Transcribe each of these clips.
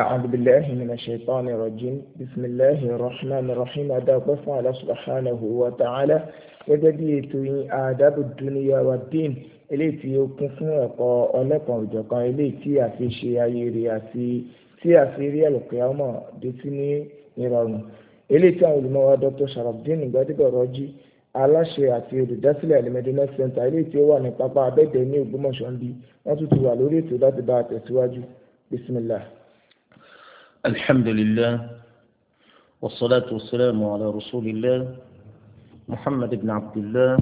أعوذ بالله من الشيطان الرجيم بسم الله الرحمن الرحيم أدعو على سبحانه وتعالى gẹ́gẹ́ bí ètò yín àdábò dúníyà wa dín eléyìí tí ó kún fún ẹ̀kọ́ ọlẹ́kan òjọ̀kan eléyìí tí a fi ṣe ayé rẹ̀ àti tí a fi rí ẹ̀lùkẹ́ ọmọ dẹ́tí ní ìrọ̀rùn eléyìí tí àwọn olùmọ̀wá Dr. Sharafdin Gbadebo Rọ́jí aláṣẹ àti olùdásílẹ̀ alimẹ́dínà center eléyìí tí ó wà ní pápá abẹ́dẹ̀ ní Ògbómọ̀ṣọ́ ń bí wọ́n tún ti wà lórí ètò láti bá a tẹ̀síwájú bismillah. الحمد لله والصلاة والسلام على رسول الله محمد بن عبد الله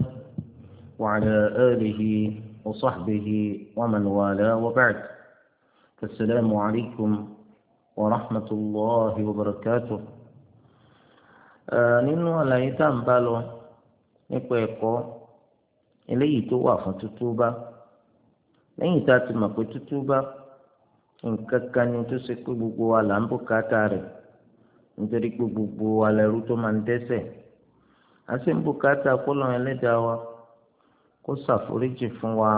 وعلى آله وصحبه ومن والاه وبعد السلام عليكم ورحمة الله وبركاته nínú àlàyé tá بالو ń bá lọ nípa ẹ̀kọ́ eléyìí tó wà fún tútúbá lẹ́yìn tá a ti mọ̀ pé tútúbá nǹkan kan ni tó ṣe pé gbogbo wa là ń bùkátà rẹ̀ nítorí pé gbogbo wa lẹ́rú tó máa ń dẹ́ṣẹ̀ a sì ń bùkátà kọ́lọ́ ẹlẹ́dàá wa kó ṣàforíjì fún wa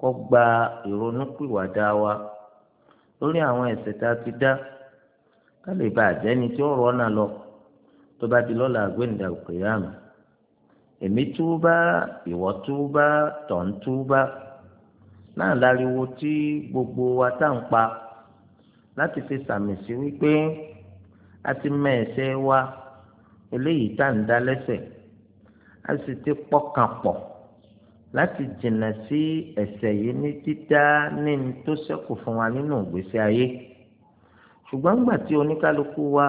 kó gba ìrònúpìwàdà wa lórí àwọn ẹ̀ṣẹ̀ tá a ti dá ká lè bá àjẹ́ni tí ó rọ́nà lọ tó bá di lọ́la àgbéǹda òkè yá èmi túbá ìwọ túbá tọ̀ ń túbá náà láriwo tí gbogbo wa tá à ń pa láti fi sàmì sí wípé a ti mẹ ẹ̀ṣẹ̀ wa eléyìí tá à ń dá lẹ́ṣẹ̀ a sì ti pọkàn pọ̀ láti jìnnà sí ẹ̀ṣẹ̀ yìí ní dídá ní ní tó ṣẹ́kù fún wa nínú ìgbésí ayé ṣùgbọ́n gbà tí oníkálukú wa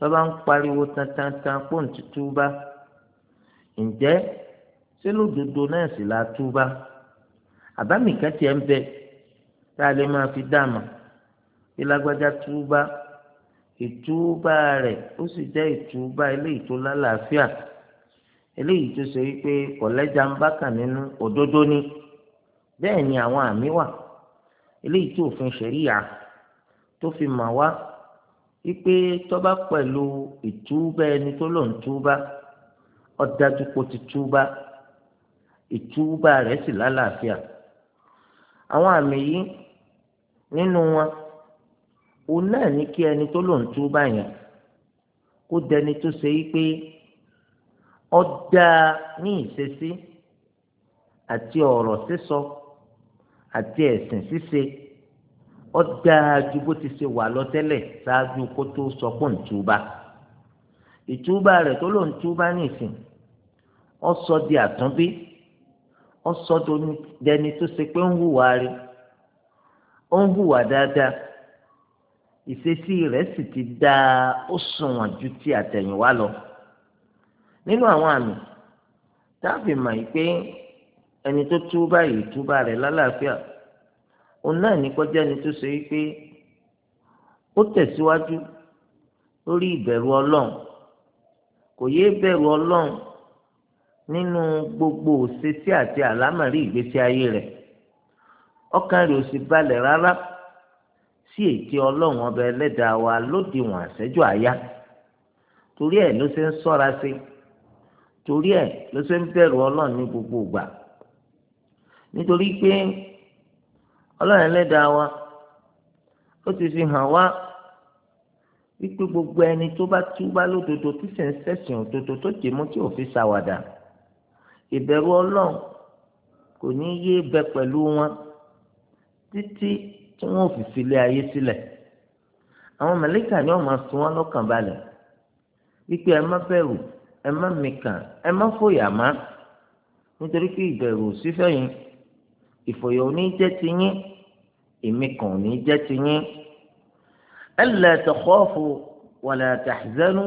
bàbá ń pariwo tantantan pọ́ǹtì túbá ǹjẹ́ sílùdodo náà sì la túbá. Si àbámi kan tiẹ̀ ń bẹ tá a lè máa fi dáàmà bí lágbájá túbá ìtúbá rẹ̀ ó sì jẹ́ ìtúbá eléyìí tó lálàáfíà eléyìí tó ṣe wípé kọ̀lẹ́jà ń bá kà nínú òdodo ni bẹ́ẹ̀ ni àwọn àmì wà eléyìí tó òfin ṣẹ̀ríyà tó fi mà wá wípé tọ́ba pẹ̀lú ìtúbá ẹni tó lòun túbá ọ̀dájú kò ti túbá ìtúbá rẹ̀ sì lálàáfíà. La àwọn àmì yìí nínú wọn òun náà ní kí ẹni tó lòun tú báyẹn kó dẹni tó ṣe yí pé ọdá ní ìṣesí àti ọ̀rọ̀ sísọ àti ẹ̀sìn ṣíṣe ọdá ju bó ti ṣe wà lọ tẹ́lẹ̀ ṣáájú kó tó sọ pé ń túbà ìtúbà rẹ̀ tó lòun túbà ní ìsìn ó sọ di àtúnbí ọsọdọ ni dẹni tó ṣe pé ń hùwà rí ó ń hùwà dáadáa ìṣesí rẹ̀ sì ti dáa ó sunwọ̀n ju ti àtẹ̀yìnwá lọ nínú àwọn àmì táàbì mà yìí pé ẹni tó túbà yìí túbà rẹ̀ lálàáfíà òun náà ní kọjá ẹni tó ṣe wípé ó tẹ̀síwájú lórí ìbẹ̀rù ọlọ́run kò yéé bẹ̀rù ọlọ́run nínú gbogbo òṣèṣì àti àlámàrí ìgbésí ayé rẹ̀ ọkàn rẹ̀ ò sì balẹ̀ rárá sí ètí ọlọ́run ọba ẹlẹ́dàá wa lódiwọ̀n àṣẹ́jù àyá torí ẹ̀ ló ṣe ń sọ́ra sí torí ẹ̀ ló ṣe ń bẹ̀rù ọlọ́run ní gbogbo ìgbà nítorí pé ọlọ́run ẹlẹ́dàá wa ó ti fi hàn wá wípé gbogbo ẹni tó bá túbá lódodo tí sì ń ṣẹ̀sìn òdodo tó dì tí ò fi ṣàwàdà ìbẹ̀rù ọlọ́run kò ní yé bẹ pẹ̀lú wọn títí tí wọn ò fi filé ayé sílẹ̀ àwọn mẹ̀lẹ́kà ni wọ́n máa fi wọ́n lọ́kàn balẹ̀ wípé ẹ má bẹ̀rù ẹ má mikàn ẹ má fòyà má nítorí pé ìbẹ̀rù sífẹ́ yín ìfòyà òní jẹ́ ti yín ìmikàn òní jẹ́ ti yín alla takhafu wala tahzanu.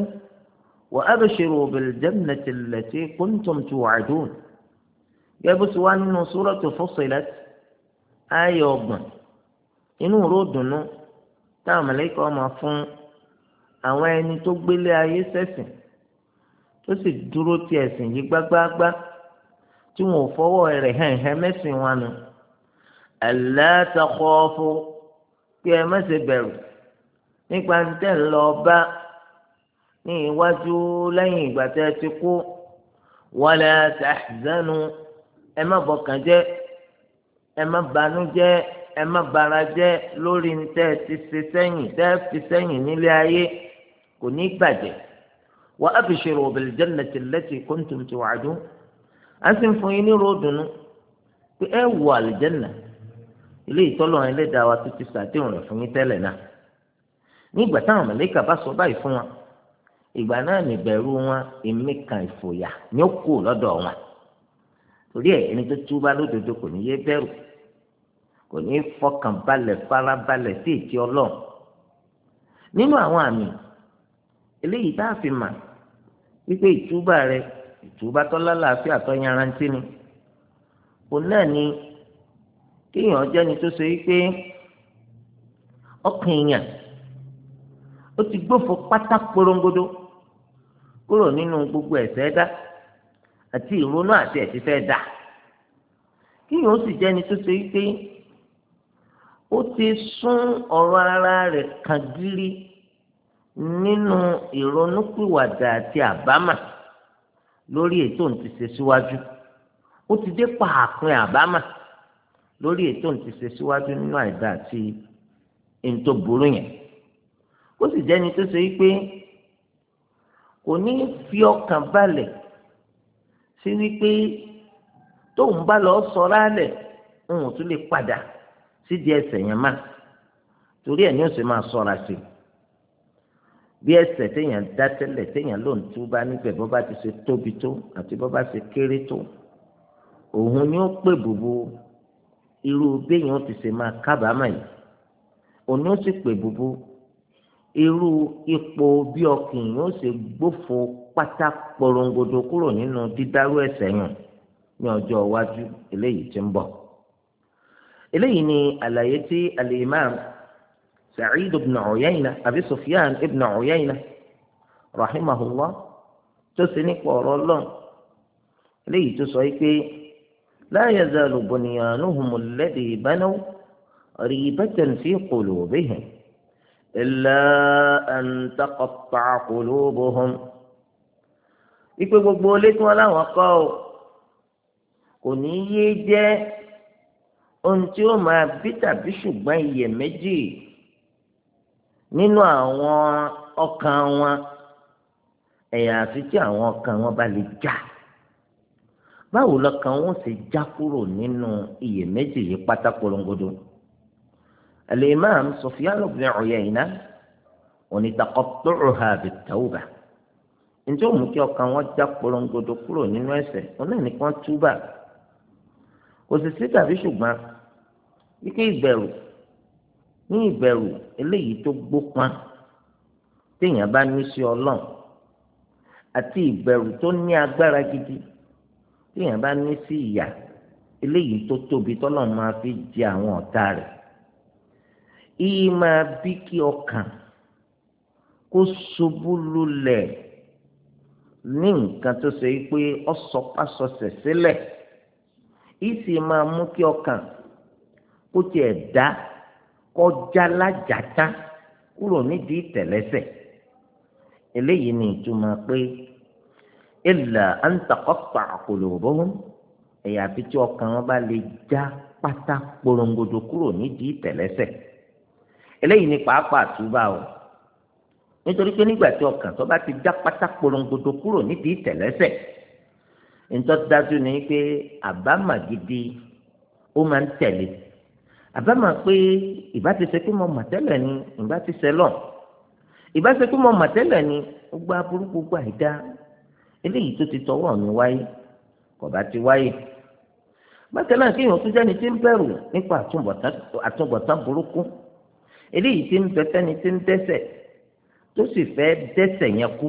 وأبشروا بالجنة التي كنتم توعدون يبو سوان سورة فصلت آية أبن إنه رودن táwọn mọ̀lẹ́kọ̀ ọmọ fún àwọn ẹni tó gbélé ayé sẹ́sìn tó sì dúró ti ẹ̀sìn yìí gbágbáágbá tí wọn ò fọwọ́ rẹ̀ hẹ̀hẹ̀ mẹ́sìn wọn nù. ẹ̀lẹ́tàkọ́ọ́fó kí ẹ má ṣe bẹ̀rù nípa tẹ̀ ń lọ bá ní iwájú lẹ́yìn ìgbà tẹ́ ẹ ti kú wala tahzanu ẹ má bọkàn jẹ́ ẹ má banú jẹ́ ẹ má bara jẹ́ lórí tẹ́ ẹ ti ṣe sẹ́yìn tẹ́ ẹ fi sẹ́yìn nílé ayé kò ní gbàjẹ́ wa abshiru bil jannati allati kuntum tu'adun a sì ń fún yín ní ròdùnú pé ẹ wọ àlìjẹ́nà ilé ìtọ́lọ́run ẹlẹ́dàá wa tó ti ṣàdéhùn rẹ̀ fún yín tẹ́lẹ̀ náà nígbà táwọn mẹ̀lẹ́kà bá sọ báyìí fún wa ìgbà náà nìbẹ̀rù wọn ìmíkan ìfòyà ni ó kù lọ́dọ̀ wọn torí ẹ̀ ẹni tó túbá lódodo kò ní yé bẹ̀rù kò ní fọkàn balẹ̀ farabalẹ̀ sí ìtì ọlọ́run nínú àwọn àmì eléyìí tá a fi mà wípé ìtúbà rẹ ìtúbà tọ́lá làáfíà tó yanrantí ni òun náà ni kéèyàn jẹ́ni tó ṣe wípé ọkàn èèyàn ó ti gbófo pátá porongodo kúrò nínú gbogbo ẹ̀ṣẹ̀ dá àti ìrònú àti ẹ̀fífẹ́ dà kíyàn ó sì jẹ́ni tó ṣe pé ó ti sún ọ̀rọ̀ ara rẹ̀ kan gírí nínú ìrònúpìwàdà àti àbámà lórí ètò ti ṣe síwájú ó ti dé pàápín àbámà lórí ètò ti ṣe síwájú nínú àìdá àti ètò burú yẹn ó sì jẹ́ni tó ṣe pé kò ní fi ọkàn balẹ̀ sí wípé tóun bá lọ sọ̀rọ̀ alẹ̀ òun tún lè padà sídìí ẹsẹ̀ yẹn má torí ẹ̀ ní ó sì máa sọ̀ra sí bí ẹsẹ̀ téèyàn dá tẹ́lẹ̀ téèyàn ló ń tú bá níbẹ̀ bó bá ti ṣe tóbi tó àti bó bá ṣe kéré tó òun ni ó pè bùbù irú béèyàn ti ṣe máa kábàámà yìí òun ni ó sì pè bùbù irú ipò bí ọkùnrin ó ṣe gbófo pátá porongodo kúrò nínú dídárú ẹ̀ṣẹ̀ yàn ní ọjọ́ iwájú eléyìí ń eléyìí ni àlàyé tí al Sa'id ibn Uyayna àbí Sufyan ibn Uyayna rahimahullah tó ṣe nípa ọ̀rọ̀ Ọlọ́run eléyìí tó sọ pé la yazalu bunyanuhum alladhi banaw ribatan إلا أن تقطع قلوبهم ipe gbogbo ilé tí wọn láwọn kọ́ ọ kò ní yé jẹ́ ohun tí ó máa bí tàbí ṣùgbọ́n iyèméjì nínú àwọn ọkàn wọn ẹ̀yà àfi tí àwọn ọkàn wọn bá lè já báwo lọkàn wọn ṣe já kúrò nínú iyèméjì yìí pátákó longodo. الإمام سفيان بن عيينة ونتقطعها بالتوبة njẹ́ òun kí ọkàn wọn já polongodo kúrò nínú ẹ̀ṣẹ̀ wọn náà nìkan túbà kò sì sí tàbí ṣùgbọ́n wípé ìbẹ̀rù ní ìbẹ̀rù eléyìí tó gbópọn téèyàn bá ní sí Ọlọ́run àti ìbẹ̀rù tó ní agbára gidi téèyàn bá ní sí ìyà eléyìí tó tóbi tọ́lọ́run máa fi jẹ àwọn ọ̀tá rẹ̀ ìyí máa bí kí ọkàn kó ṣubú lulẹ̀ ní nǹkan tó ṣe pé ọ̀sọ̀pásọsẹ̀ sílẹ̀ ìyí sì máa mú kí ọkàn kó tiẹ̀ dá kọjá lájàtá kúrò nídìí ìtẹ̀lẹ́sẹ̀ eléyìí ni ìtumọ̀ pé illa an taqatta'a qulubuhum ẹ̀yà àfi tí ọkàn wọn bá lè já pátá porongodo kúrò nídìí ìtẹ̀lẹ́sẹ̀ eléyìí ni pàápàá túbà o nítorí pé nígbà tí ọkàn tó bá ti já pátá porongodo kúrò nídìí ìtẹ̀lẹ́sẹ̀ ntọ́ dájú ni pé àbámà gidi ó máa ń tẹ̀lé àbámà pé ìbá ti ṣe pé mo mà tẹ́lẹ̀ ni ìbá ti ṣe lọ ìbá ṣe pé mo mà tẹ́lẹ̀ ni ó gba burú gbogbo àìdá eléyìí tó ti tọwọ́ mi wáyé kò bá ti wáyé bákan náà kéèyàn tún jẹ́ni tí ń bẹ̀rù nípa àtúbọ̀tán burúkú eléyìí tí ń bẹ fẹ́ni tí ń dẹ́ṣẹ̀ tó sì fẹ́ dẹ́ṣẹ̀ yẹn kú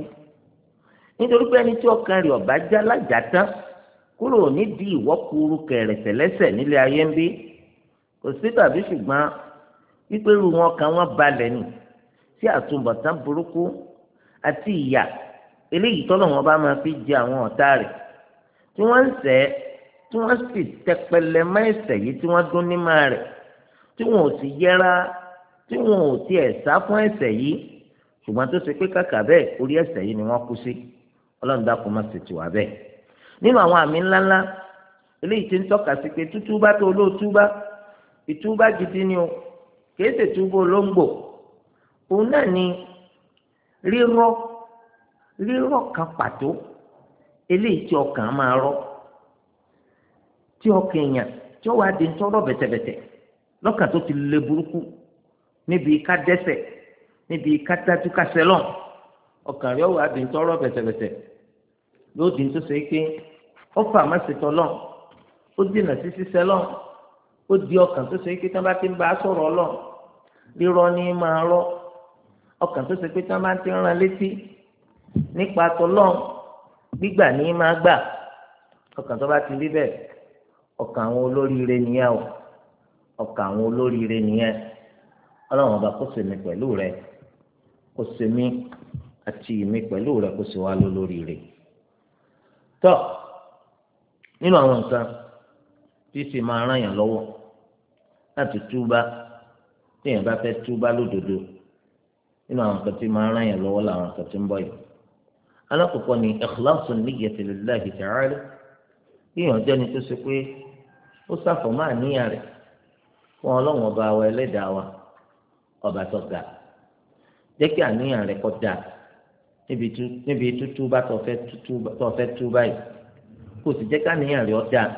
nítorí pé ẹni tí ọkàn rẹ̀ ọ̀bá já lájà tán kúrò nídìí ìwọ́kuru kẹrẹ̀sẹ̀ lẹ́sẹ̀ nílé ayé ń bí kò sí tàbí ṣùgbọ́n wípé irú wọn kan wọn balẹ̀ nì sí àtúbọ̀tán burúkú àti ìyà eléyìí tọ́lọ̀ wọn bá máa fi jẹ àwọn ọ̀tá rẹ̀ tí wọ́n ń sẹ́ tí wọ́n sì tẹpẹlẹ mọ́ yìí tí wọ́n dún ní máa rẹ̀ tí wọn ò sì yẹra tí wọn ò tiẹ̀ sá fún ẹ̀ṣẹ̀ yìí ṣùgbọ́n tó ṣe pé kàkà bẹ́ẹ̀ orí ẹ̀ṣẹ̀ yìí ni wọ́n kú sí ọlọ́run dákun má ṣe tiwa bẹ́ẹ̀. nínú àwọn àmì ńláńlá eléyìí ti ń tọ́ka sí pé tútúbá tó olóòtúbá ìtúbá gidi ni o kìí ṣe túbó olóńgbò òun náà ni rírọ́ rírọ́ kan pàtó eléyìí tí ọkàn máa rọ́ tí ọkàn èèyàn tí ó wá di ń tọ́rọ̀ bẹ̀tẹ̀bẹ̀tẹ̀ lọ́kàn tó ti le burúkú níbi ká dẹ́ṣẹ̀ níbi ká dájú ká sẹlọ ọkàn rẹ wà á di ntọrọ bẹsẹbẹsẹ yóò di ntọsọ yìí pé ó fà má ṣètò lọ ó dènà sísí sẹlọ ó di ọkàn tó ṣe pé tí wọn bá ti ń bá a sọ̀rọ̀ lọ rírọ ní máa rọ ọkàn tó ṣe pé tí ti ń ran létí nípa tọlọ gbígbà ní máa gbà ọkàn tó bá ti rí bẹ́ẹ̀ ọkàn àwọn olóríire nìyẹn o ọkàn àwọn olóríire nìyẹn ọlọ́run ọba kó ṣe mí pẹ̀lú rẹ kó ṣe mí àti mi pẹ̀lú rẹ kó ṣe wá lólórí rẹ tọ́ nínú àwọn nǹkan tí sì máa ràn yàn lọ́wọ́ láti túbá téèyàn bá fẹ́ túbá lódodo nínú àwọn nǹkan tí máa ràn yàn lọ́wọ́ làwọn nǹkan tí ń bọ̀ yìí alákọ̀ọ́kọ́ ni ikhlasu niyyati lillahi ta'ala yíyan jẹ́ tó ṣe pé ó sáfọ̀ máa níyà rẹ̀ fún ọlọ́run ọba wa ẹlẹ́dàá wa ọba tó ga jẹ́ kí àníyàn rẹ kọ́ da níbi tútú bá tó fẹ́ tú báyìí kò sì jẹ́ káníyàn rẹ ọ́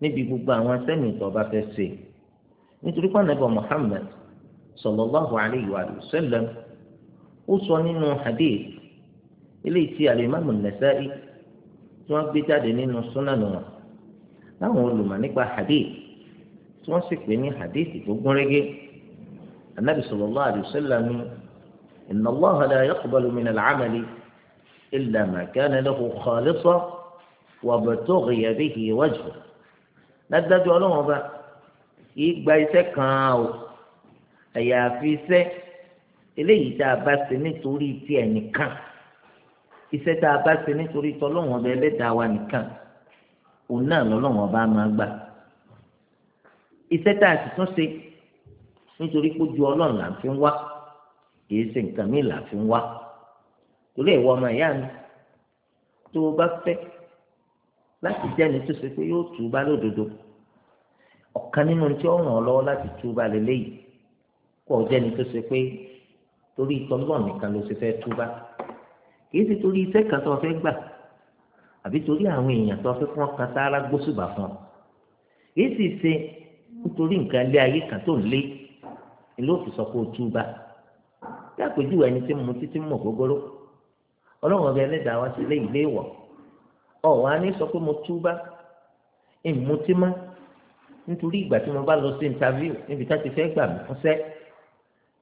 níbi gbogbo àwọn sẹ́mi tó bá fẹ́ ṣe nítorí pé ànábì Muhammad sallallahu alayhi wa sallam ó sọ nínú hadith eléyìí tí alimami Nasa'i tí wọ́n gbé jáde nínú súnánù wọn láwọn olùmọ̀ nípa hadith tí wọ́n sì pè ní hadith tó gúnrégé. النبي صلى الله عليه وسلم إن الله لا يقبل من العمل إلا ما كان له خالصة وابتغي به وجهه ندد علوم با يقبل سكاو أيا في سي إليه تابس نتوري تيه نكا إسه تابس نتوري تلوم با إليه تاوى نكا ونال علوم با ما با إسه تاسسون سي nítorí pé ojú ọlọ́run là ń fi wá kìí ṣe nǹkan míì là ń fi wá torí ẹ̀wọ́ ọmọ ìyá mi tó o bá fẹ́ láti jẹ́ni tó ṣe pé yóò tù ú bá lódodo ọ̀kan nínú tí ó ràn ọ́ lọ́wọ́ láti tù ú bá lélẹ́yìí kó o jẹ́ni tó ṣe pé torí ìtọ́lọ́ nìkan ló ṣe fẹ́ tú bá kìí ṣe torí iṣẹ́ kan tó fẹ́ gbà àbí torí àwọn èèyàn tó fẹ́ fún ọkàn sáárá gbóṣùbà fún ọ kìí sì ṣe nítorí nǹkan lé ayé kan tó ń lé ìlú òfin sọ pé o tú bá bí àpèjúwe ẹni tí mo títí mọ̀ gbogbooro ọlọ́run ọbẹ̀ ẹlẹ́dàá wá sí ilé ìlé ìwọ̀ ọ̀ wá ní sọ pé mo tú bá nítorí ìgbà tí mo bá lọ sí interview níbi tá ti fẹ́ gbà mí fúnṣẹ́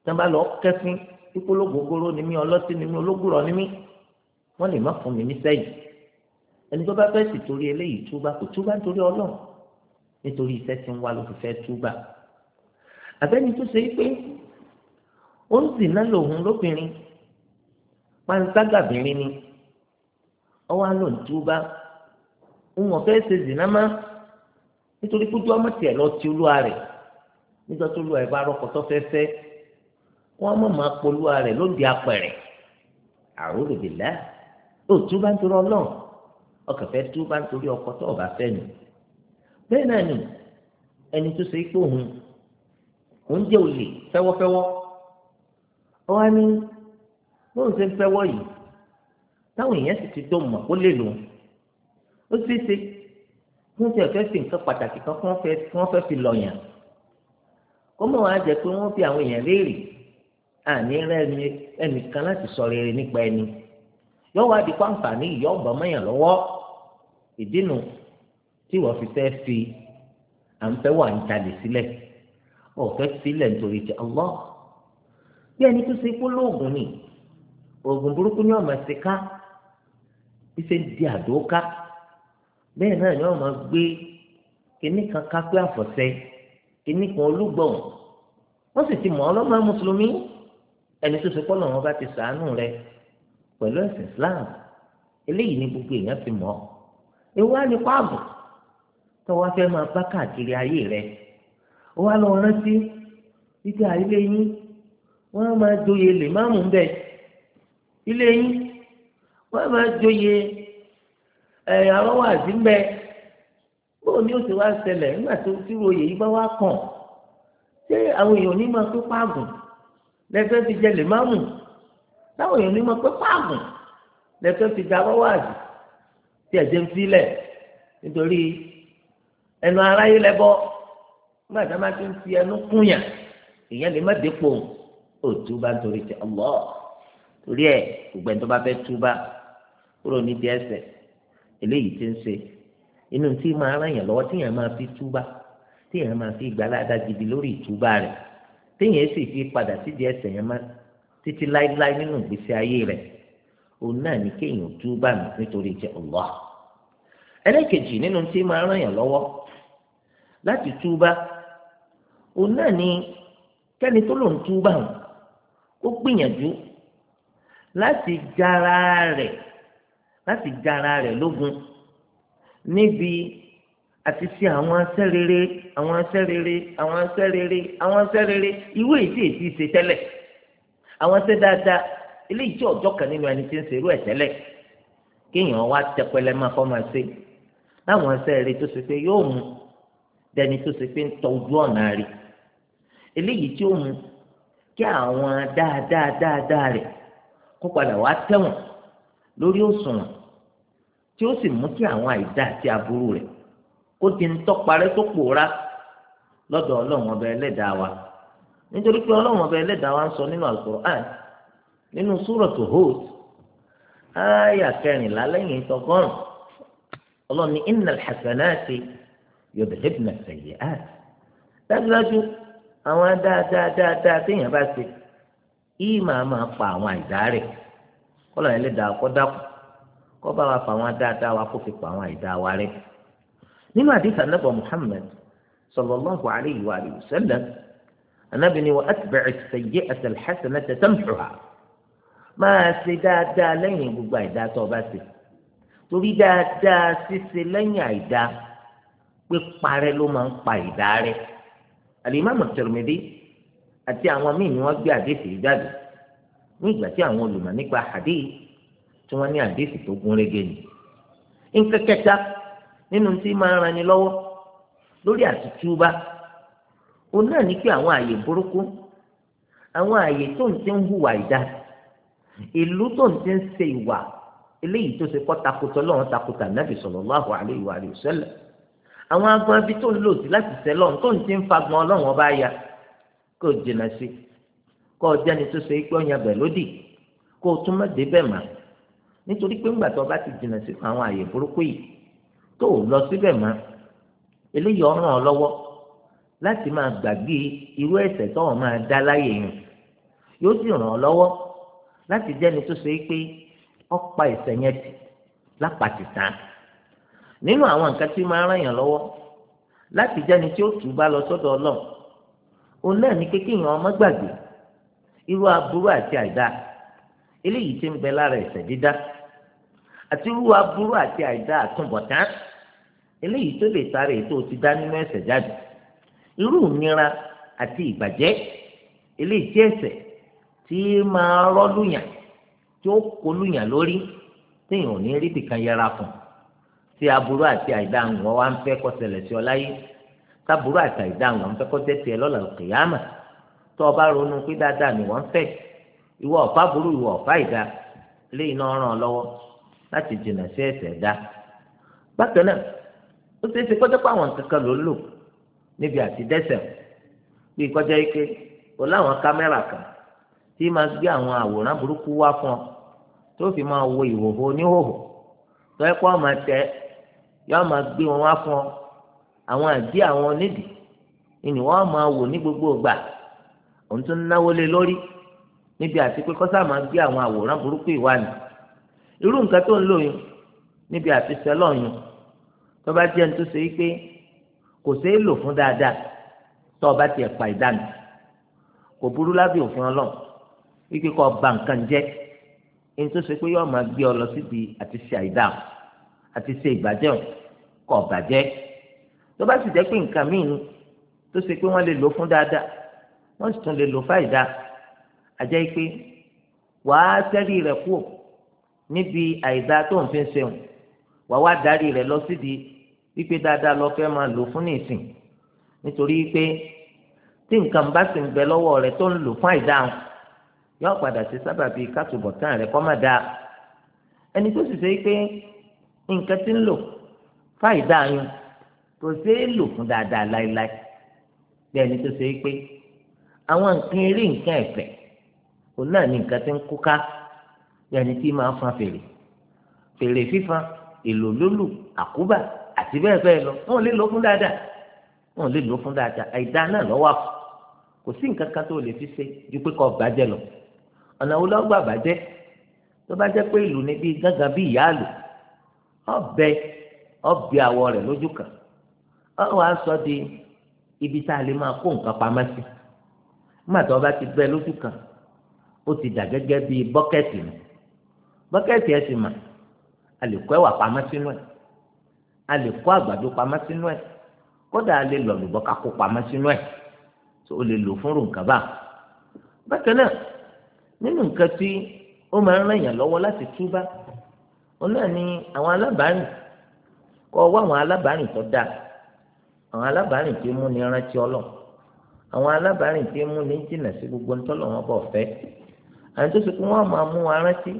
tí wọ́n bá lọ kẹ́fín ìpológogoro ni mí ọlọ́tí ni mí ológùrọ̀ ni mí wọ́n lè má fún mi níṣẹ́ yìí ẹni tó bá fẹ́ sì torí eléyìí túbá kò túbá nítorí ọlọ́run nítorí iṣẹ́ tí ń wá ló fi fẹ́ túbá àbẹ́ni tó ṣe pé ó ń zìnà lòun lóbìnrin panṣágàbìnrin ni ọwọ́ àlọ́ ní túbá òun ọ̀fẹ́ ṣe zìnà má nítorí kójú ọmọ tiẹ̀ lọ ti olúwa rẹ̀ nígbà tó olúwa ẹ̀ bá rọ́kọ̀ tó fẹ́ fẹ́ wọ́n mọ̀ máa polúwa rẹ̀ lóde apẹ̀rẹ̀ àròrò bìlá ó túbá ń torọ́ náà ọkàn fẹ́ túbá ń torí ọkọ tó ọba fẹ́ ni bẹ́ẹ̀ náà ni ẹni tó ṣe pé òun òun jẹ́ olè fẹ́wọ́fẹ́wọ́ ọwọ́ ni bóun ṣe ń fẹ́wọ́ yìí táwọn èèyàn sì ti dó mọ̀ ó lè lò ó ṣeé ṣe wọ́n ti ọ̀fẹ́ fi nǹkan pàtàkì kan kí wọ́n fẹ́ fi lọ̀yàn kọ́mọ̀ wá jẹ́ pé wọ́n fi àwọn èèyàn léèrè àní rẹ́ni ẹnìkan láti sọ rere nípa ẹni yọ̀wọ́ adìpá àǹfààní ìyọ́ ọ̀bọ̀ mọ́yàn lọ́wọ́ ìdínú tí wọ́n fi fẹ́ fi à ń fẹ́ wà ń jalè sílẹ̀ ọ̀fẹ́ sílẹ̀ nítorí ti Allah bí ẹni tó ṣe kó lóògùn ni oògùn burúkú ni ọmọ ẹsẹ ká bí ṣe ń di àdó ká bẹ́ẹ̀ náà ni ọmọ gbé kíní kan ká pé àfọ̀sẹ́ kíní kan olúgbọ̀n wọ́n sì ti mọ̀ ọ́ lọ́mọ mùsùlùmí ẹni tó ṣe kọ́ lọ́wọ́ bá ti sàánú rẹ pẹ̀lú ẹ̀sìn Islam eléyìí ni gbogbo èèyàn ti mọ̀ ọ́ ewu á ní pààbò tó wá fẹ́ máa bá káàkiri ayé rẹ̀ ó wá lọ rántí wípé àìlè yín wọ́n á máa joyè lè má mú bẹ́ẹ̀ ilé yín wọ́n á máa joyè ẹ̀ àwọn wà sí bẹ́ẹ̀ bóun ni ó ti wá ṣẹlẹ̀ nígbà tó tí oyè yìí bá wá kàn ṣé àwọn èèyàn ní máa pé páàgùn lẹ́fẹ́ fi jẹ lè má mú táwọn èèyàn ní máa pé páàgùn lẹ́fẹ́ fi jẹ àwọn wà sí tí ẹ̀jẹ̀ ń filẹ̀ nítorí ẹnu aráyé lẹ́bọ̀ọ́. nígbà tí a ti ń fi ẹnu kúnyà èèyàn lè má dépò òtúbá nítorí ti Allah torí ẹ gbogbo ẹni tó bá fẹ́ túbá kúrò nídìí ti ń ṣe inú tí máa yàn tíyàn fi tuba tíyàn máa fi gbalada gidi lórí ìtúbá rẹ̀ téèyàn sì fi padà sídìí ẹ̀ṣẹ̀ yẹn má títí láéláé nínú ìgbésí ayé rẹ̀ òun náà ní kéèyàn túbá nù nítorí ti Allah ẹlẹ́kejì nínú tí máa yàn òun náà ni kẹ́ni tó lòun tún gbà wọn ó gbìyànjú láti jara rẹ̀ láti jara rẹ̀ lógun níbi àti ṣe àwọn asẹ́ rere àwọn asẹ́ rere àwọn asẹ́ rere àwọn asẹ́ rere ìwé ìdí èsì ṣe tẹ́lẹ̀ àwọn asẹ́ dáadáa eléyìí tí ọjọ́ kan nínú ẹni tí ń ṣerú ẹ̀ tẹ́lẹ̀ kéèyàn wá tẹpẹlẹ máa kọ́ máa ṣe láwọn asẹ́ rere tó ṣe pé yóò mú dẹni tó ṣe pé ń tọ ojú ọ̀nà rí eléyìí tí ó mú kí àwọn dáadáa dáadáa rẹ̀ kó padà wá tẹ̀wọ̀n lórí òṣùwọ̀n tí ó sì mú kí àwọn àìdá àti aburú rẹ̀ kó ti ń tọ́parẹ́ tó pòórá lọ́dọ̀ ọlọ́run ọba ẹlẹ́dàá wa nítorí pé ọlọ́run ọba ẹlẹ́dàá wa ń sọ nínú Al-Qur'an nínú Suratu Hud ááyà kẹrìnlá lẹ́yìn ìtọ́gọ́rùn ọlọ́run ní innal hasanati yudhibna sayyi'at dájúdájú àwọn dáadáa dáadáa téèyàn bá ṣe yìí máa máa pa àwọn àìdá rẹ̀ kọlọ yẹn lè dà kọ dàpọ kọ bá wa pa àwọn dáadáa wa kó fi pa àwọn àìdá wa rẹ̀. nínú àdìsá anábọ Muhammad sallallahu alayhi wa sallam anábì ni wa atbi'i sayyi'ata alhasanata tamhuha máa ṣe dáadáa lẹ́yìn gbogbo àìdá tó o bá ṣe torí dáadáa ṣíṣe lẹ́yìn àìdá pé parẹ́ ló máa ń pa àìdá rẹ̀ alimami Tirmidhi àti àwọn míì ni wọ́n gbé àdéhùn yìí jáde ní ìgbà tí àwọn olùmọ̀ nípa hadith tí wọ́n ní àdéhùn tó gún ni nǹkan kẹta nínú tí máa ń rani lọ́wọ́ lórí àtútúbá òun náà ní pé àwọn àyè burúkú àwọn àyè tó ń ti ń hùwà ìdá ìlú tó ń ti ń ṣe ìwà eléyìí tó ṣe kọ́ takùtọ̀ lọ́wọ́ takùtà nàbì sallallahu alaihi wa sallam àwọn agbọn ibi tó ń lò sí láti sẹ́ tó ń ti ń fagbọn ọlọ́run ọba ya kó jìnnà sí kó tó ṣe é pé ọ̀yàn bẹ̀ lódì kó o tún má dé bẹ̀ nítorí pé ńgbà tó bá ti jìnnà sí àwọn àyè yìí tó ọ lọ́wọ́ láti máa gbàgbé irú tó máa ràn ọ lọ́wọ́ láti tó ṣe é pé nínú àwọn nǹkan tí máa ràn yàn lọ́wọ́ láti jẹ́ni tí ó tù bá lọ sọ́dọ̀ ọlọ́run òun náà ní kékeré yàn ọmọ gbàgbé irú aburú àti àìdá eléyìí tí ń bẹ lára ẹ̀ṣẹ̀ dídá àti irú aburú àti àìdá àtúbọ̀tán eléyìí tó lè sáré ètò ti dá nínú ẹ̀ṣẹ̀ jáde irú ìnira àti ìbàjẹ́ eléyìí tí ẹ̀ṣẹ̀ tí máa rọ́lùyàn tí ó kọlùyàn lórí téèyàn ò ní rí bìkan yẹra fún un tí aburú àti àìdáhùn wọn wá ń fẹ́ kó ṣẹlẹ̀ sí ọ láyé táburú àti àìdáhùn wọn ń fẹ́ kó jẹ́ tiẹ̀ lọ́la kìyàmà tó o bá ronú pé dáadáa ni wọ́n fẹ́ ìwọ ọ̀fà burú ìwọ ọ̀fà ìdá lé iná ràn lọ́wọ́ láti jìnnà sí ẹ̀ṣẹ̀ dá bákan náà ó ṣeé ṣe kọjá pé àwọn kankan ló ń lò níbi àti dẹ́ṣẹ̀ bí kọjá ike kò láwọn kámẹ́rà kan tí máa gbé àwọn àwòrán burúkú wá fún ọ tó fi máa wo ìhòhò oníhòhò tó ẹ kó ọmọ tẹ yóò máa gbé wọn wá fún ọ àwọn àdí àwọn onídìí ìní wọn máa wò ní gbogbo ìgbà òun tún náwó lé lórí níbi àti pé kọ́sà máa gbé àwọn àwòrán burúkú ìwà ni irú nǹkan tó ń lò yun níbi àti sẹ́lọ̀ yun tó bá jẹ́ nítorí ṣe pé kò ṣeé lò fún dáadáa tó o bá tiẹ̀ pa ìdánù kò burú lábẹ́ òfin ọlọ́run wípé kó o nǹkan jẹ́ nítorí ṣe pé yóò máa gbé ọ lọ síbi àti ṣe àìdáhùn àti ṣe ìbàjẹ́ ò kọ̀ bàjẹ́ tó bá sì jẹ́ pé nǹkan míì ni tó ṣe pé wọ́n lè lò fún dáadáa wọ́n sì tún lè lò fáìdá àjẹ́ pé wàá sẹ́rí rẹ̀ kú níbi àìdá tó ń fi ń ṣeun wàá wá darí rẹ̀ lọ sídìí wípé dáadáa lọ fẹ́ máa lò fún nìsín nítorí pé tí nǹkan bá sì ń bẹ lọ́wọ́ rẹ̀ tó ń lò fún àìdá wọn yóò padà sí sábàbí kátòbọ̀tán rẹ̀ kọ́ má dáa ẹni tó sì ṣe pé nǹkan tí ń lò fáìdá yín kò ṣeé lò fún dáadáa láéláé bí ẹni tó ṣe é pé àwọn nǹkan eré nǹkan ẹ̀fẹ̀ kò náà ní nǹkan tí ń kú ká bí ẹni tí máa fa fèrè fèrè fífa èlò lólù àkúbà àti bẹ́ẹ̀ bẹ́ẹ̀ lọ wọn ò lè lò fún dáadáa wọn ò lè lò fún dáadáa àìdá náà lọ́wọ́ àpò kò sí nǹkan kan tó lè fi ṣe ju pé kọ́ bàjẹ́ lọ ọ̀nà wo lọ́gbà bàjẹ́ tó bá jẹ́ pé ìlú ni bíi gángan bíi ìyá àlò ọbẹ ọbẹ̀ awọ rẹ̀ lójú kan ọwọ́ asọ di ibi tá a lè máa kó nǹkan pamọ́ sí nígbà tí ti lójú kan ó ti dà gẹ́gẹ́ bíi bọ́kẹ́tì mi bọ́kẹ́tì ẹ̀ ma a lè kọ ẹ̀wà pamọ́ sínú a lè kọ àgbàdo pamọ́ sínú ẹ̀ kódà a lè lọ lùbọ́ ká kó sínú ẹ̀ tó o lè lò fún bá bákan náà nínú nǹkan tí ó máa ń òun náà ni àwọn alábàárìn kọ́ wá àwọn alábàárìn tó dáa àwọn alábàárìn tí mú ni rántí ọlọ́ àwọn alábàárìn tí mú ni jìnnà sí gbogbo ń tọ́lọ̀ wọn bọ̀ fẹ́ àwọn tó sì kú wọn máa mú wa rántí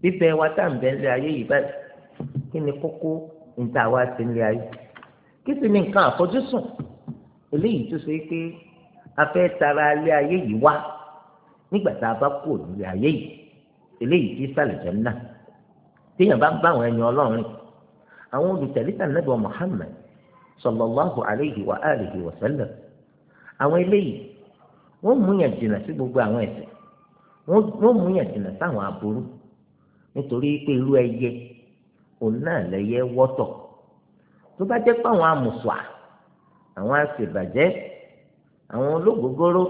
bíbẹ wa tá à ń bẹ ń lé ayé yìí báyìí kí ni kókó níta wa ti ń lé ayé kí sì ni nǹkan àfojúsùn eléyìí tó ṣe pé a fẹ́ tara lé ayé yìí wá nígbà tá a bá kú òní lé ayé yìí eléyìí kì sàlẹ̀ jẹ́ náà téèyàn bá ń bá àwọn ẹni ọlọ́run rìn àwọn olùtẹ̀lítà nẹ́bọ̀ Muhammad sallallahu alayhi wa alihi wa sallam àwọn eléyìí wọ́n mú yàn jìnnà sí gbogbo àwọn ẹ̀ṣẹ̀ wọ́n mú yàn jìnnà sáwọn aburú nítorí pé irú ẹyẹ òun náà lẹyẹ wọ́tọ̀ tó bá jẹ́ pé àwọn amùsùà àwọn àṣebàjẹ́ àwọn olóògógóró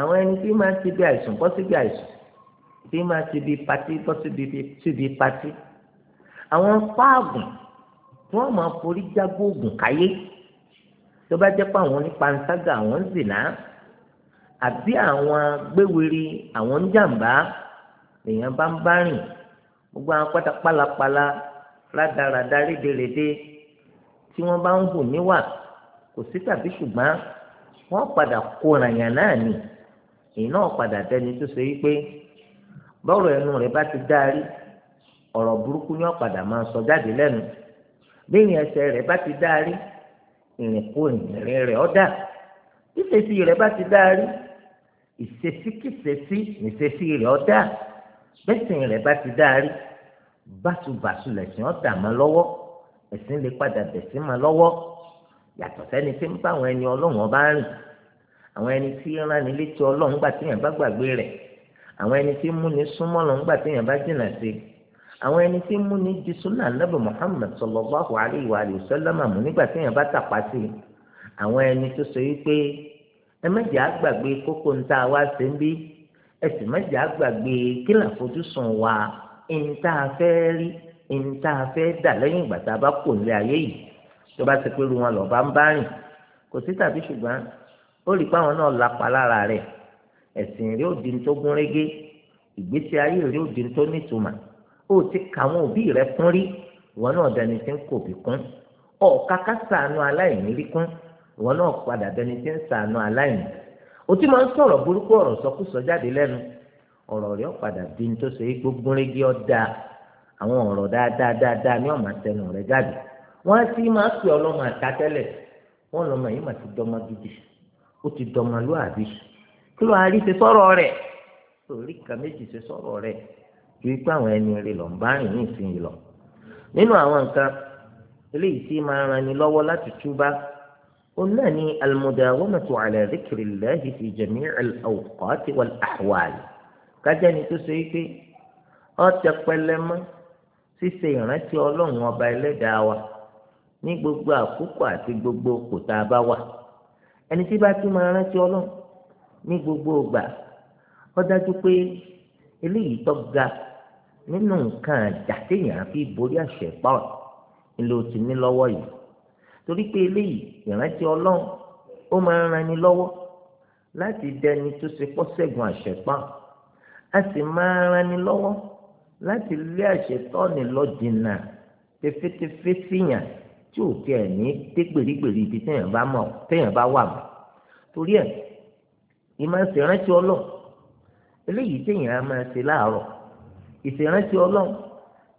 àwọn ẹni tí máa ti bí àìsàn bọ́ sí bí àìsàn bí máa ti di pati bọ́ sí di pati àwọn fáàgùn tí wọ́n máa forí jágbó oògùn káyé tó bá jẹ́ pé àwọn onípanṣágà àwọn ń zìnà àbí àwọn gbéwèrè àwọn ń jàǹbá èèyàn bá ń bá rìn gbogbo àwọn pátá pálapàla rádaràda rédeèrèdè tí wọ́n bá ń hù níwà kò sí tàbí ṣùgbọ́n wọ́n padà kóra yàn náà nì èyí padà dẹni tó ṣe wípé bọ́ọ̀rọ̀ ẹnu rẹ̀ bá ti dárí ọ̀rọ̀ burúkú ni ọ̀padà máa sọ jáde lẹ́nu bí ìrìn ẹsẹ̀ rẹ̀ bá ti dárí ìrìnkú ìrìn rẹ̀ ọ̀dà ìṣesí rẹ̀ bá ti dárí ìṣesíkìṣesí ìṣesí rẹ̀ ọ̀dà bẹ́sìn rẹ̀ bá ti dárí báṣubàṣu lẹ̀sìn ọ̀dà máa lọ́wọ́ ẹ̀sìn lè padà bẹ̀sìn máa lọ́wọ́ yàtọ̀ sẹ́ni tí ń bá àwọn ẹni ọlọ́run ọba rìn àwọn ẹni tí ń rán ni létí ọlọ́run gbà tí yẹn bá gbàgbé rẹ̀ àwọn ẹni tí múni súnmọ́ lọ ńgbà téèyàn bá jìnnà sí àwọn ẹni tí múni di súnà nàbì Muhammad sallallahu alayhi wa sallam mú nígbà téèyàn bá tàpá sí àwọn ẹni tó sọ yìí ẹ mẹjẹ àgbàgbé kókó ń tá a wá sí bí ẹ sì mẹjẹ àgbàgbé kí fojúsùn wa ń tá a fẹ́ rí ń tá a fẹ́ dà lẹ́yìn ìgbà tá a bá kò nílé ayé yìí tó bá ti pé irú wọn lọ bá ń bá rìn kò sí tàbí ṣùgbọ́n ó rí pé àwọn náà lápá lára rẹ̀ ẹ̀sìn rí òdì tó gún régé ìgbésí ayé rí òdì tó nítumọ̀ ó ti kà wọn òbí rẹ kún rí ìwọ náà dẹni tí ń kò bí kún ọ̀ọ́ká ká sàánú aláìní rí kún ìwọ náà padà dẹni tí ń sàánú aláìní o ti máa ń sọ̀rọ̀ burúkú ọ̀rọ̀ sọkúsọ jáde lẹ́nu ọ̀rọ̀ rẹ̀ padà bí n tó ṣe é gbógun régé ọ̀dà àwọn ọ̀rọ̀ dáadáa dáadáa ní ọ̀mà tẹnu rẹ̀ jáde wọ́n á sì máa pè ọlọ́mọ àtàtẹ́lẹ̀ wọ́n lọ́mọ yìí mà ti dọ́mọ gidi ó ti dọ́mọ lúàbí kí ló àárí ṣe sọ̀rọ̀ rẹ̀ torí kà méjì ṣe sọ̀rọ̀ rẹ̀ ju ipá àwọn ẹni rẹ̀ lọ ń bá rìn ní ìsinyìí lọ nínú àwọn nǹkan eléyìí tí máa ran ni lọ́wọ́ láti túbá òun náà ni almudawamatu ala dhikrillahi fi jami'il awqati wal ahwal kájá ni tó ṣe é pé ọtẹ pẹlẹmọ ṣíṣe ìrántí Ọlọ́run ọba Ẹlẹ́dàá wa ní gbogbo àkókò àti gbogbo kòtà bá wà ẹni tí bá tún máa rántí Ọlọ́run ní gbogbo ìgbà ó dájú pé eléyìí tó ga nínú nǹkan àjà téèyàn fi borí àṣẹ pọ̀ ńlò tí ní lọ́wọ́ yìí torí pé eléyìí ìrántí ọlọ́run ó máa ń ni lọ́wọ́ láti dẹni tó ṣe pọ́ ṣẹ́gun àṣẹ pọ̀ a sì máa ń rani lọ́wọ́ láti lé àṣẹ tọ́ni lọ dènà síyàn tí ò tiẹ̀ ní dé gbèrígbèrí ibi téèyàn bá wà mọ́ torí ẹ̀ ìmọ̀ ìṣèrántí ọlọ́run eléyìí téèyàn á máa ṣe láàárọ̀ ìṣèrántí ọlọ́run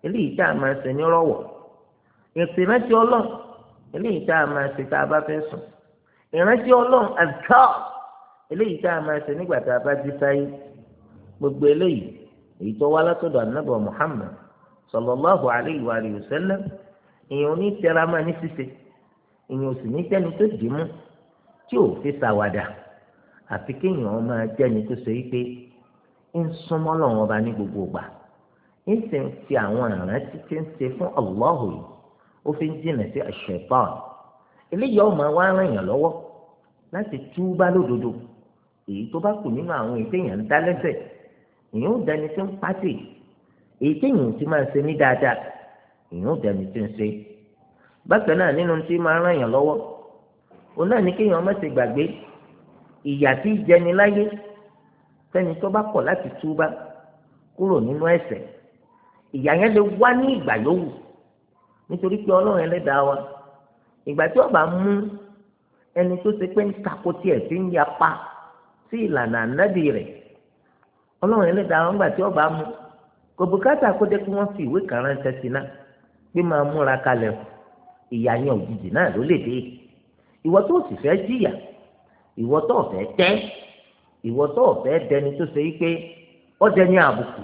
eléyìí tá a máa ṣe nírọ̀wọ̀ ìṣèrántí ọlọ́run eléyìí tá a máa ṣe tá a bá fẹ́ sùn ìrántí ọlọ́run àdúrà eléyìí tá a máa ṣe nígbà tá a bá jí sáyé gbogbo eléyìí èyí tó wá látọ̀dọ̀ anábọ̀ Muhammad sallallahu alayhi wa sallam èèyàn ní tẹramá ní ṣíṣe èèyàn ò sì ní tẹnu tó dì í mú tí ò fi ṣàwàdà àfi kéèyàn máa jẹ́ni tó ṣe wípé ń súnmọ́ lọ́wọ́n ọba ní gbogbo ìgbà ń sì ń fi àwọn ìrántí tí ń ṣe fún Allahu yìí ó fi ń jìnà sí àṣẹpọ́n eléyìí ọmọ wa ń ràn yàn lọ́wọ́ láti túbá lódodo èyí tó bá kù nínú àwọn ètéèyàn ń dá lẹ́sẹ̀ èyàn ò dání tí ń pàṣẹ ètéèyàn ti máa ṣe ní dáadáa èyàn ò dání tí ń ṣe bákan náà nínú tí máa ń ràn yàn lọ́wọ́ òun náà ní kéèyàn ìyà tí jẹni láyé fẹ́ni tó bá kọ̀ láti túbá kúrò nínú ẹ̀ṣẹ̀ ìyà yẹn lè wá ní ìgbà yòówù nítorí pé Ọlọ́run ìgbà tí ọba mú ẹni tó ṣe pé ń takò tiẹ̀ fi ń yapa sí tí ọba mú kò kó dé kí fi ìwé kan sí náà pé máa múra ìyà yẹn òjijì náà ló lè dé ìwọ tó fẹ́ tẹ́ ìwọ tó fẹ́ dẹni tó ṣe pé ó dẹni àbùkù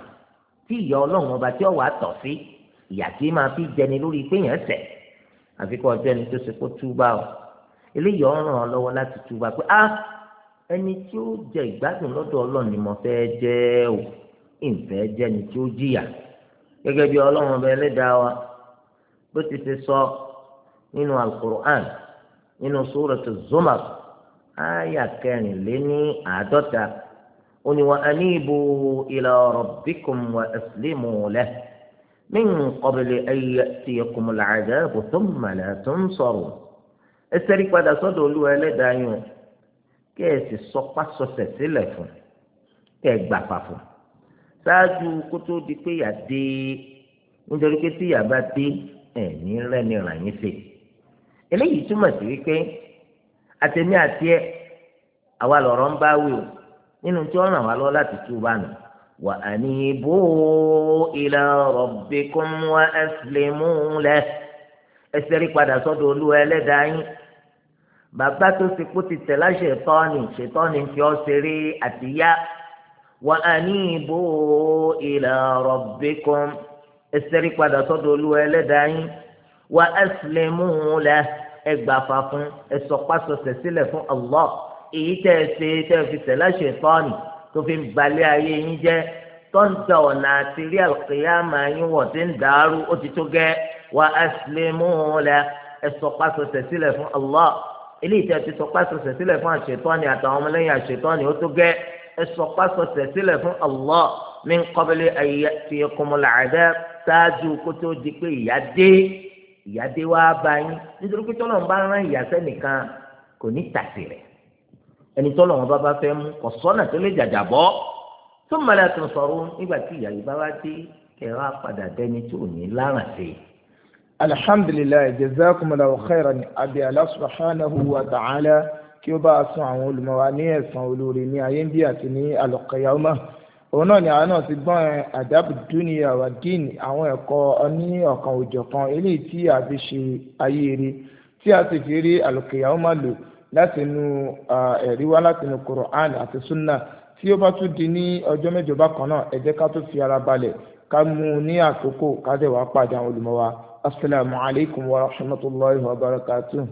tí ìyà ọlọ́run ọba tí ó wàá tọ̀ sí ìyà tí máa fi jẹni lórí pé yẹn ṣẹ̀ àfikún ọjọ́ ẹni tó ṣe kó túbà o eléyìí ó ràn án lọ́wọ́ láti túbà pé a ah, ẹni tí ó jẹ ìgbádùn lọ́dọ̀ ọlọ́run ni mo fẹ́ jẹ́ o ìfẹ́ jẹ́ ni tí ó jìyà gẹ́gẹ́ bí ọlọ́run ọba ẹlẹ́dàá wa bó ti ṣe sọ nínú al-Qur'an nínú Suratu Zumar áyà kẹrìnléní àádọ́ta ó ní wa aníbu ila rabbikum wa aslimu lahu min qabli an ya'tiyakumul adhabu thumma la tunsarun ẹ ṣẹ́rí padà sọ́dọ̀ olúwa ẹlẹ́dàá yín kẹ́ ẹ sì sọpá sọsẹ̀ sílẹ̀ fún kẹ́ ẹ gbà fà fún ṣáájú kó di pé yà dé nítorí pé tí bá dé ẹ̀ ní rẹ́ni ràn yín fè eléyìí túmọ̀ sí wípé àtẹ̀mí àti ẹ̀ àwa lọ̀rọ̀ ń bá wí o nínú tí ó ràn wá lọ́wọ́ láti tú bá nù. wa anibu ila rabbikum wa aslimu lahu ẹsẹ̀ rí padà sọ́dọ̀ olúwa ẹlẹ́dàá yín bàbá tó ti kú ti tẹ̀lá ṣètọ́ni ṣètọ́ni fi ọ́ ṣeré àtìyá wa anibu ila rabbikum ẹsẹ̀ rí padà sọ́dọ̀ olúwa ẹlẹ́dàá yín wa aslimu lahu ẹ gbàfà fún ẹ sọpasọsẹ sílẹ̀ fún Allah èyí tẹ́ ẹ ṣe tẹ́ ẹ fi tẹ̀lé ṣètọ́ọ̀nì tó fi ń balẹ̀ ayé yín jẹ́ tọ́ǹtà ọ̀nà àti rí àlùkìyàmà yín wọ̀ tí ń dàrú ó ti tó gẹ́ wa aslimu la ẹ sọpasọsẹ sílẹ̀ fún Allah eléyìí tẹ́ ẹ ti sọpasọsẹ sílẹ̀ fún àṣetọ́ọ̀nì àtàwọn ọmọlẹ́yìn àṣetọ́ọ̀nì ó tó gẹ́ ẹ sọpasọsẹ sílẹ̀ fún Allah min qabli an ya'tiyakumul adhab ṣáájú kó ìyáde wa bá yín nítorí pé tọ́lọ̀ ń bá rán ìyàsẹ́ nìkan kò ní tàsí rẹ̀ ẹni tọ́lọ̀ wọn bá bá fẹ́ mú kò sọ́nà tó lè jàjà bọ́ tó mọ̀lẹ́ tó sọ̀rọ̀ nígbà tí ìyá yìí bá wá dé kẹ̀rọ apàdà dẹ́ni tí ní láràn sí i. alhamdulilayi jazakumullahu khairan abi Allah subhanahu wa ta'ala kí ó bá a sún àwọn olùmọ̀ ní ẹ̀san olóore ní ayé bí àti ní al òun náà ni àwọn náà ti gbọ́n àdábù eh, dúnìyà wà díìnì àwọn ẹ̀kọ́ ní ọ̀kan òjọ̀kan eléyìí tí a fi ṣe ayé rí tí a sì fi rí àlùkìyà ó máa lò láti inú ẹ̀rí wá láti inú Qur'an àti sunna tí ó bá tún di ní ọjọ́ mẹ́jọ bákan náà ẹ jẹ́ ká tún fi ara balẹ̀ ká mú un ní àkókò ká dẹ̀ wá pàdé àwọn olùmọ̀ wa asalaamualeykum wa rahmatulahi wa barakatuh.